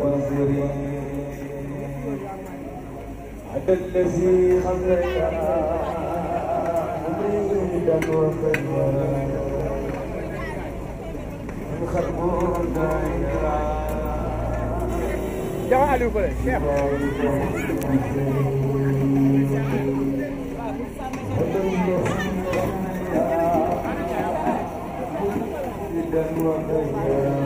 والبر عدا الذي خلقنا حميدا وفرا من خلقه دائما جماعة الوفرة شيخ حميدا وفرا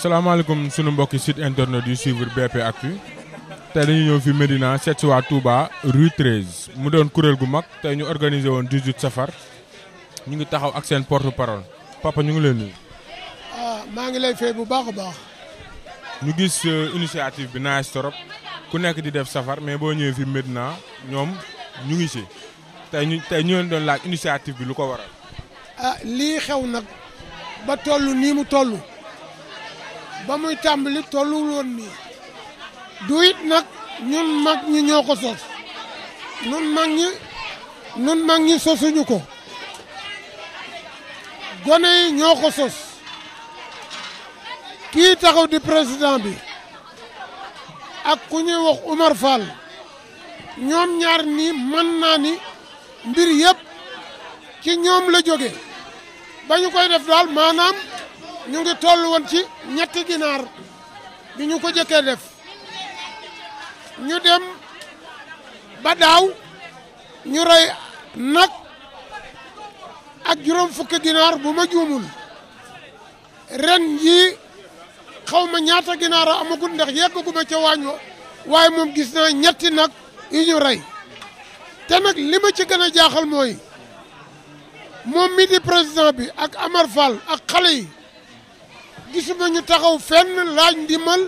salaamaaleykum sunu mbokki site internet yu suivre BP Actu tey dañu ñëw fi Médina seet si waa Touba rue 13 mu doon kuréel gu mag te ñu organisé woon 18 safar ñu ngi taxaw ak seen porte parole papa ñu ngi leen nii ah maa ngi lay fay bu baax a baax. ñu gis euh, initiative bi naaj torop ku nekk di def safar mais boo ñëwee fi Medina ñoom ñu ngi ci tey ñu tey doon laaj initiative bi lu ko waral. ah lii xew nag ba toll nii mu toll ba muy tàmbali tollu woon nii du nag ñun mag ñi ñoo ko sos ñun mag ñi ñun mag ñi sosuñu ko gone yi ñoo ko sos. kii taxaw di président bi ak ku ñuy wax Umar Fall ñoom ñaar nii mën naa ni mbir yëpp ci ñoom la jóge ba ñu koy def daal maanaam ñu ngi toll woon ci ñetti ginaar bi ñu ko jëkkee def ñu dem ba ñu ray nag ak juróom fukki ginaar bu ma juumul ren yii xaw ma ñaata ginaara amagul ndax ma ca waañ wa waaye moom gis naa ñetti nag yu ñu rey te nag li ma ci gën a jaaxal mooy moom mi di président bi ak Amar Fall ak xale yi gisuma ñu taxaw fenn laaj ndimbal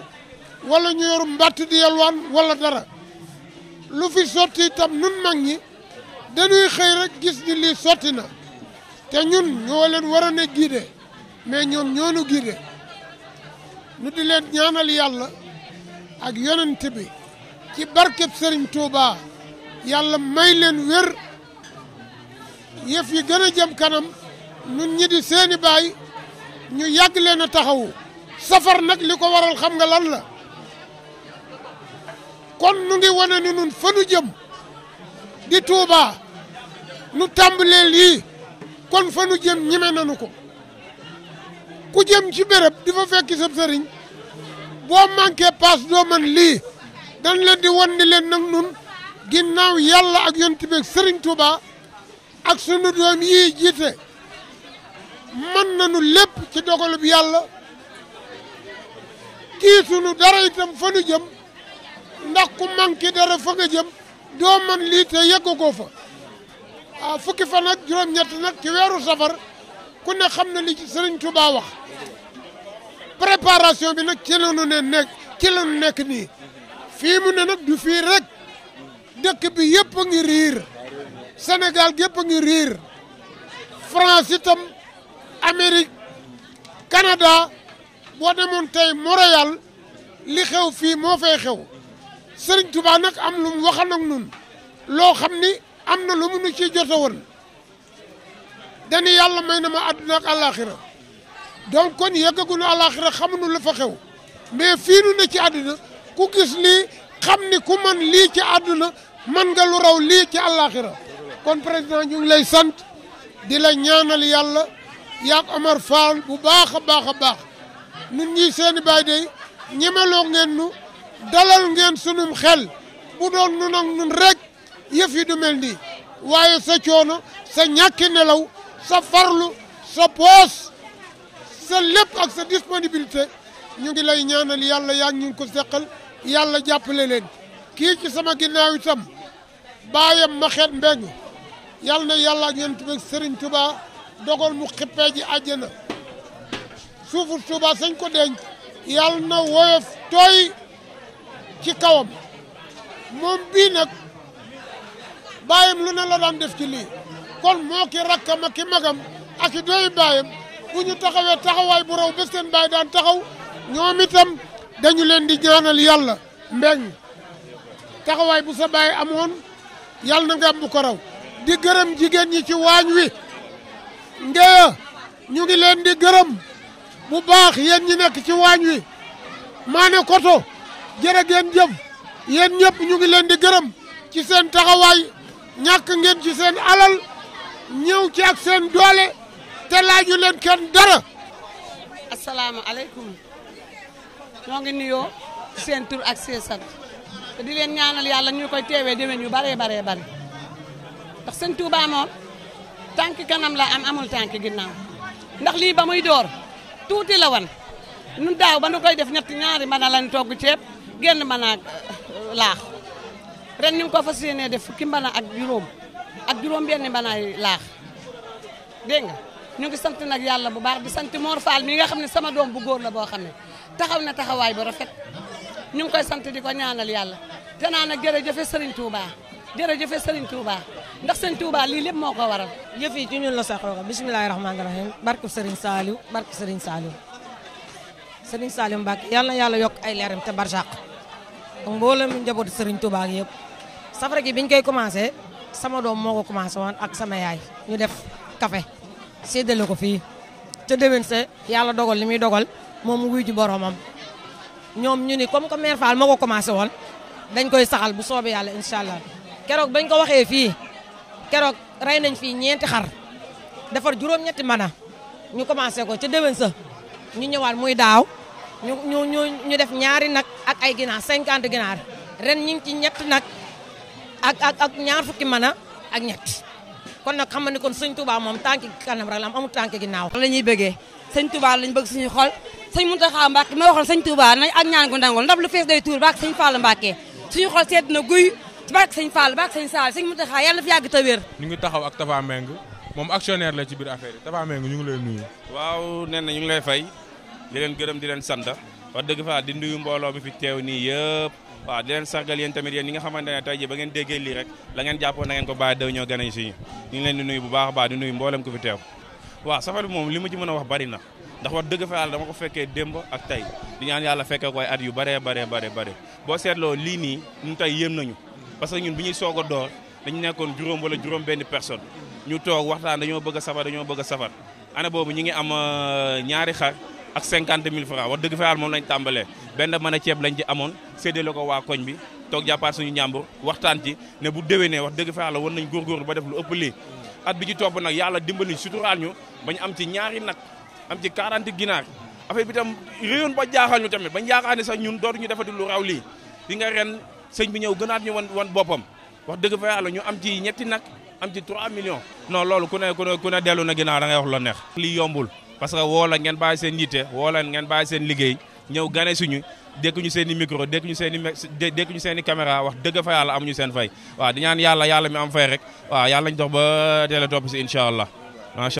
walla ñu yor mbàtt di walla dara lu fi sotti itam nun mag ñi dañuy xëy rek gis ni lii sotti na te ñun ñoo leen war a ne giide mais ñoom ñoonu giide ñu di leen ñaanal yàlla ak yonent bi ci barkeb sëriñ Touba yàlla may leen wér yëf yi gën a jëm kanam ñun ñi seeni baay ñu yàgg leen a safar nag li ko waral xam nga lan la kon nu ngi wane ni nun fa nu jëm di Touba nu tàmbalee lii kon fa nu jëm ñime ko ku jëm ci béréb di fa fekki sab sëriñ boo manqué paas doo man lii dañ leen di wan ni leen nag nun ginnaaw yàlla ak yonent bi sëriñ Touba ak sunu doom yii jiite mën nañu lépp ci dogalub yàlla kii sunu dara itam fa nu jëm ndax ku manqué dara fa nga jëm doo man lii te yegg ko fa ah fukki fan ak juróom-ñett nag ci weeru safar ku ne xam na li Serigne Touba wax préparation bi nag ci nekk nii fii mu ne nag du fii rek dëkk bi yëpp a ngi riir Sénégal yëpp a ngi riir France itam Amérique Canada boo demoon tey Montréal li xew fii moo fay xew Serigne Touba nag am lu mu waxan ak nun loo xam ni am na lu mu nu ciy jota woon dañu yàlla may na ma àdduna ak àllaaxira donc kon yëggaguñu àllaaxira xamuñu la fa xew mais fii na ci àdduna ku gis lii xam ni ku man lii ci àdduna man nga lu raw lii ci àllaaxira kon président ñu ngi lay sant di la ñaanal yàlla yaag Omar Fall bu baax a baax baax nun ñii seeni baay day ñemeloo ngeen nu dalal ngeen sunum xel bu doon nun ak nun rek yëf yi du mel nii waaye sa coono sa ñàkki nelaw sa farlu sa poos sa lépp ak sa disponibilité ñu ngi lay ñaanal yàlla yaa ngi ko seqal yàlla jàppale leen kii ci sama ginnaaw itam baayam ma xeet mbeng yàlla na yàlla ak yonent bi Sëriñ Tuubaa dogal mu xippee ji àjjana suufu Tuubaa sañ ko denc yàlla na woyof tooy ci kawam moom bii nag baayam lu ne la daan def ci lii kon moo ki rakka ak ki magam ak i doy baayam bu ñu taxawee taxawaay bu raw ba baay daan taxaw ñoom itam dañu leen di ñaanal yàlla mbeñ taxawaay bu sa baay amoon yàlla na nga am bu ko raw di gërëm jigéen ñi ci waañ wi ngeya ñu ngi leen di gërëm bu baax yéen ñi nekk ci waañ wi maane koto jërë ngeen jëf yéen ñëpp ñu ngi leen di gërëm ci seen taxawaay ñàkk ngeen ci seen alal ñëw ci ak seen doole te laaju leen kenn dara. asalaamaaleykum ñoo ngi nuyoo seen tur ak seen di leen ñaanal yàlla ñu koy teewee déwén yu baree baree bare ndax sëñ Touba moom tànk kanam la am amul tànk ginnaaw ndax lii ba muy door tuuti la wan nun daaw ba nu koy def ñetti ñaari mën a lañ togg ceeb genn mën a euh, laax ren ñu ngi ko fas def fukki mën a ak juróom. ak juróom-benni banaay laax dégg nga ñu ngi sant nag yàlla bu baax bi sant Mor Fall mi nga xam ne sama doom bu góor la boo xam ne taxaw na taxawaay bu rafet ñu ngi koy sant di ko ñaanal yàlla te naa seriñ jërëjëfe Serigne Touba jërëjëfe Serigne Touba ndax Serigne Touba lii lépp moo ko waral. yëf yi ci ñun la sax roga bisimilahi rahmaani rahim barke Serigne Saliou barke seriñ Saliou Serigne Saliou Mbacke yàlla yàlla yokk ay leeram te barjaq mboolem njaboot Serigne Touba yëpp sama doom moo ko commencé woon ak sama yaay ñu def kafe séddale ko fii te déwén sa yàlla dogal li muy dogal moom wuy ji boromam ñoom ñu ni comme que mère Fall moo ko commencé woon dañ koy saxal bu soobee yàlla incha allah keroog bañ ko waxee fii keroog rey nañ fii ñeenti xar defar juróom-ñetti mana ñu commencé ko ca déwén sa ñu ñëwaat muy daaw ñu ñu ñu ñu def ñaari nag ak ay ginaar cinquante ginaar ren ñu ngi ci ñett nag. ak ak ñaar fukki mën a ak ñett kon nag xam nga ni kon sëñ Touba moom tànki kanam rek la am amul tànki ginnaaw. la ñuy bëggee sëñ Touba lañ bëgg suñu xol sëñ Mountakha Mbacké ma waxoon sëñ Touba nañ ak ñaan gu ndangol ndab lu day tuur baak sëñ Fall Mbacké suñu xol sedd na guy baak sëñ Fall baak sëñ Sall sëñ Mountakha yàlla fi yàgg te wér. ñu ngi taxaw ak Tafa Mbengue moom actionnaire la ci biir affaire yi Tafa Mbengue ñu ngi lay nuyu. waaw nee na ñu ngi lay fay di leen gërëm di leen sant wax dëgg fa di nuyu mbooloo mi fi teew nii yëpp waaw di leen sargal yéen tamit yen ñi nga xamante ne tey ji ba ngeen déggee lii rek la ngeen jàppoon na ngeen ko bàyyi daw ñoo gën a si ñu nuyu bu baa a baax di nuyu mboolem ko fi teew waaw safar moom li ma ci mën a wax bari na ndax wax dëgg fa yàlla dama ko fekkee démb ak tey di ñaan yàlla fekkee koy at yu baree baree baree bare boo seetloo lii nii ñun tey yéem nañu parce que ñun bu ñuy soog a door dañu nekkoon juróom wala juróom benn personne ñu toog waxtaan dañoo bëgg a safar dañoo bëgg a boobu ñu ngi am euh, ñaari xar ak cinquante mille francs wax dëgg fa yàlla moom lañ tàmbalee benn mën a ceeb lañ ci amoon séddale ko waa koñ bi toog jàppaat suñu ñàmbur waxtaan ci ne bu déwénee wax dëgg fa yàlla war nañ góorgóorlu ba def lu ëpp lii at bi ci topp nag yàlla dimbali suturaal ñu bañ am ci ñaari nag am ci 40 ginaar affaire bi tam réyoon ba jaaxal ñu tamit bañ yaakaar ne sax ñun dootuñu defati lu raw lii li nga ren sëñ bi ñëw gënaat ñu wan wan boppam wax dëgg fa yàlla ñu am ci ñetti nag am ci 3 millions non loolu ku ne ku ne ku ne dellu na ginnaaw da ngay wax lu neex lii yombul parce que woo la ngeen baa seen yitte woo la ngeen baa seen liggéey ñëw gane suñu dékk seen i micro dékk ñu seen i dékk ñu seen i caméra wax dëgg fa yàlla amuñu seen fay waaw di ñaan yàlla yàlla mi am fay rek waaw yàlla ñu dox ba teel a topp si incha allah